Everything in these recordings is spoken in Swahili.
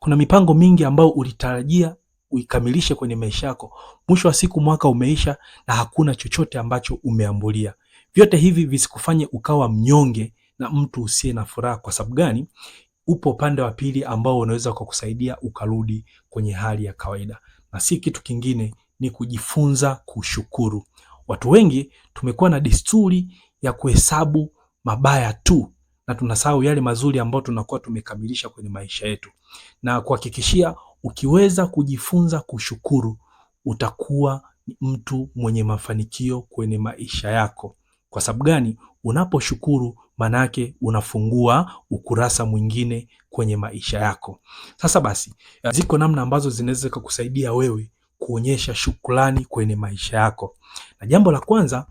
kuna mipango mingi ambayo ulitarajia uikamilishe kwenye maisha yako. Mwisho wa siku mwaka umeisha na hakuna chochote ambacho umeambulia. Vyote hivi visikufanye ukawa mnyonge na mtu usiye na furaha. Kwa sababu gani? Upo upande wa pili ambao unaweza ukakusaidia ukarudi kwenye hali ya kawaida, na si kitu kingine, ni kujifunza kushukuru. Watu wengi tumekuwa na desturi ya kuhesabu mabaya tu na tunasahau yale mazuri ambayo tunakuwa tumekamilisha kwenye maisha yetu, na kuhakikishia, ukiweza kujifunza kushukuru utakuwa mtu mwenye mafanikio kwenye maisha yako. Kwa sababu gani? Unaposhukuru manake unafungua ukurasa mwingine kwenye maisha yako. Sasa basi, ziko namna ambazo zinaweza kukusaidia wewe kuonyesha shukrani kwenye maisha yako, na jambo la kwanza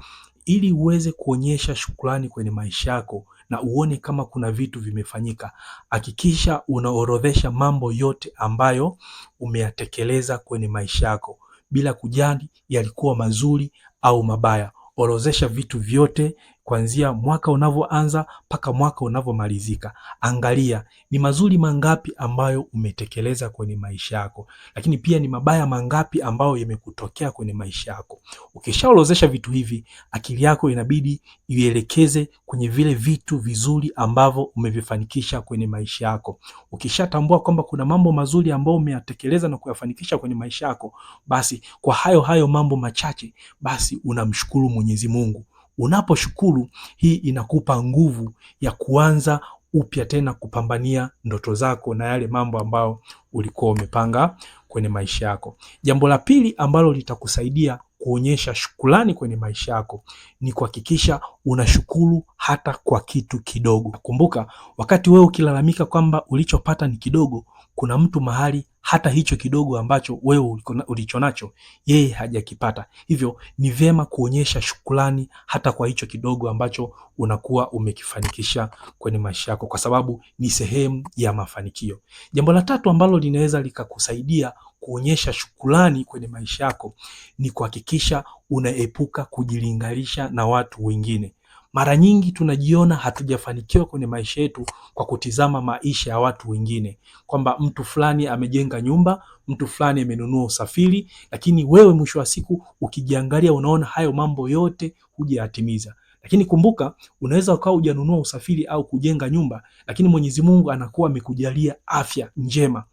ili uweze kuonyesha shukrani kwenye maisha yako na uone kama kuna vitu vimefanyika, hakikisha unaorodhesha mambo yote ambayo umeyatekeleza kwenye maisha yako bila kujali yalikuwa mazuri au mabaya. orozesha vitu vyote kuanzia mwaka unavyoanza mpaka mwaka unavyomalizika. Angalia ni mazuri mangapi ambayo umetekeleza kwenye maisha yako, lakini pia ni mabaya mangapi ambayo yamekutokea kwenye maisha yako. Ukishaorozesha vitu hivi, akili yako inabidi ielekeze kwenye vile vitu vizuri ambavyo umevifanikisha kwenye maisha yako. Ukishatambua kwamba kuna mambo mazuri ambayo umeyatekeleza na kuyafanikisha kwenye maisha yako, basi kwa hayo hayo mambo machache, basi unamshukuru Mwenyezi Mungu. Unaposhukuru, hii inakupa nguvu ya kuanza upya tena kupambania ndoto zako na yale mambo ambayo ulikuwa umepanga kwenye maisha yako. Jambo la pili ambalo litakusaidia kuonyesha shukrani kwenye maisha yako ni kuhakikisha unashukuru hata kwa kitu kidogo. Kumbuka, wakati wewe ukilalamika kwamba ulichopata ni kidogo, kuna mtu mahali hata hicho kidogo ambacho wewe ulicho nacho yeye hajakipata. Hivyo ni vyema kuonyesha shukrani hata kwa hicho kidogo ambacho unakuwa umekifanikisha kwenye maisha yako, kwa sababu ni sehemu ya mafanikio. Jambo la tatu ambalo linaweza likakusaidia kuonyesha shukrani kwenye maisha yako ni kuhakikisha unaepuka kujilinganisha na watu wengine. Mara nyingi tunajiona hatujafanikiwa kwenye maisha yetu kwa kutizama maisha ya watu wengine, kwamba mtu fulani amejenga nyumba, mtu fulani amenunua usafiri, lakini wewe mwisho wa siku ukijiangalia, unaona hayo mambo yote hujayatimiza. Lakini kumbuka, unaweza ukawa hujanunua usafiri au kujenga nyumba, lakini Mwenyezi Mungu anakuwa amekujalia afya njema.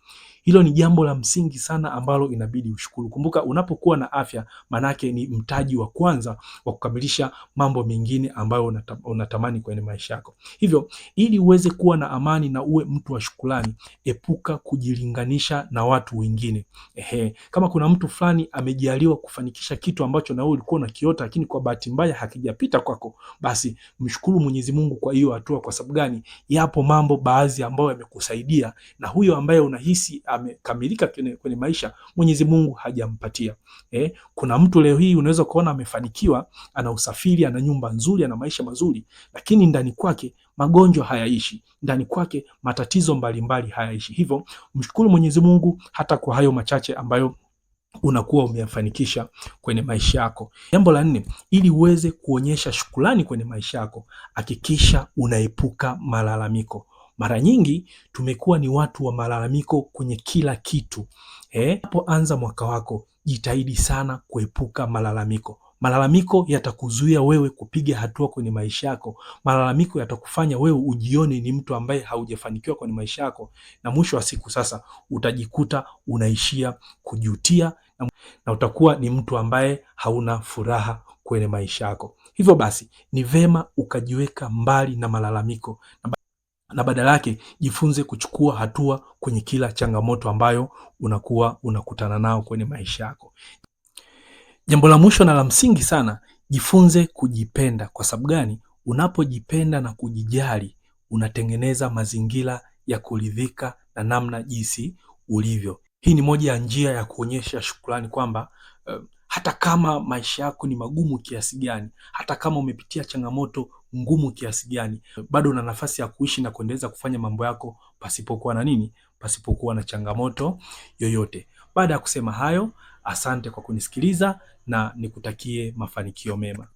Hilo ni jambo la msingi sana ambalo inabidi ushukuru. Kumbuka, unapokuwa na afya, manake ni mtaji wa kwanza wa kukamilisha mambo mengine ambayo unatamani kwenye maisha yako. Hivyo, ili uweze kuwa na amani na uwe mtu wa shukrani, epuka kujilinganisha na watu wengine. Ehe, kama kuna mtu fulani amejaliwa kufanikisha kitu ambacho na wewe ulikuwa unakiota, lakini kwa bahati mbaya hakijapita kwako, basi mshukuru Mwenyezi Mungu kwa hiyo hatua. Kwa sababu gani? Yapo mambo baadhi ambayo yamekusaidia na huyo ambaye unahisi amekamilika kwenye maisha, Mwenyezi Mungu hajampatia. Eh, kuna mtu leo hii unaweza kuona amefanikiwa, ana usafiri, ana nyumba nzuri, ana maisha mazuri, lakini ndani kwake magonjwa hayaishi, ndani kwake matatizo mbalimbali hayaishi. Hivyo mshukuru Mwenyezi Mungu hata kwa hayo machache ambayo unakuwa umeyafanikisha kwenye maisha yako. Jambo la nne, ili uweze kuonyesha shukrani kwenye maisha yako, hakikisha unaepuka malalamiko. Mara nyingi tumekuwa ni watu wa malalamiko kwenye kila kitu. Eh, unapoanza eh, mwaka wako jitahidi sana kuepuka malalamiko. Malalamiko yatakuzuia wewe kupiga hatua kwenye maisha yako. Malalamiko yatakufanya wewe ujione ni mtu ambaye haujafanikiwa kwenye maisha yako, na mwisho wa siku sasa utajikuta unaishia kujutia na, na utakuwa ni mtu ambaye hauna furaha kwenye maisha yako. Hivyo basi ni vema ukajiweka mbali na malalamiko na badala yake jifunze kuchukua hatua kwenye kila changamoto ambayo unakuwa unakutana nao kwenye maisha yako. Jambo la mwisho na la msingi sana, jifunze kujipenda. Kwa sababu gani? Unapojipenda na kujijali, unatengeneza mazingira ya kuridhika na namna jinsi ulivyo. Hii ni moja ya njia ya kuonyesha shukrani kwamba uh, hata kama maisha yako ni magumu kiasi gani, hata kama umepitia changamoto ngumu kiasi gani, bado una nafasi ya kuishi na kuendeleza kufanya mambo yako pasipokuwa na nini, pasipokuwa na changamoto yoyote. Baada ya kusema hayo, asante kwa kunisikiliza na nikutakie mafanikio mema.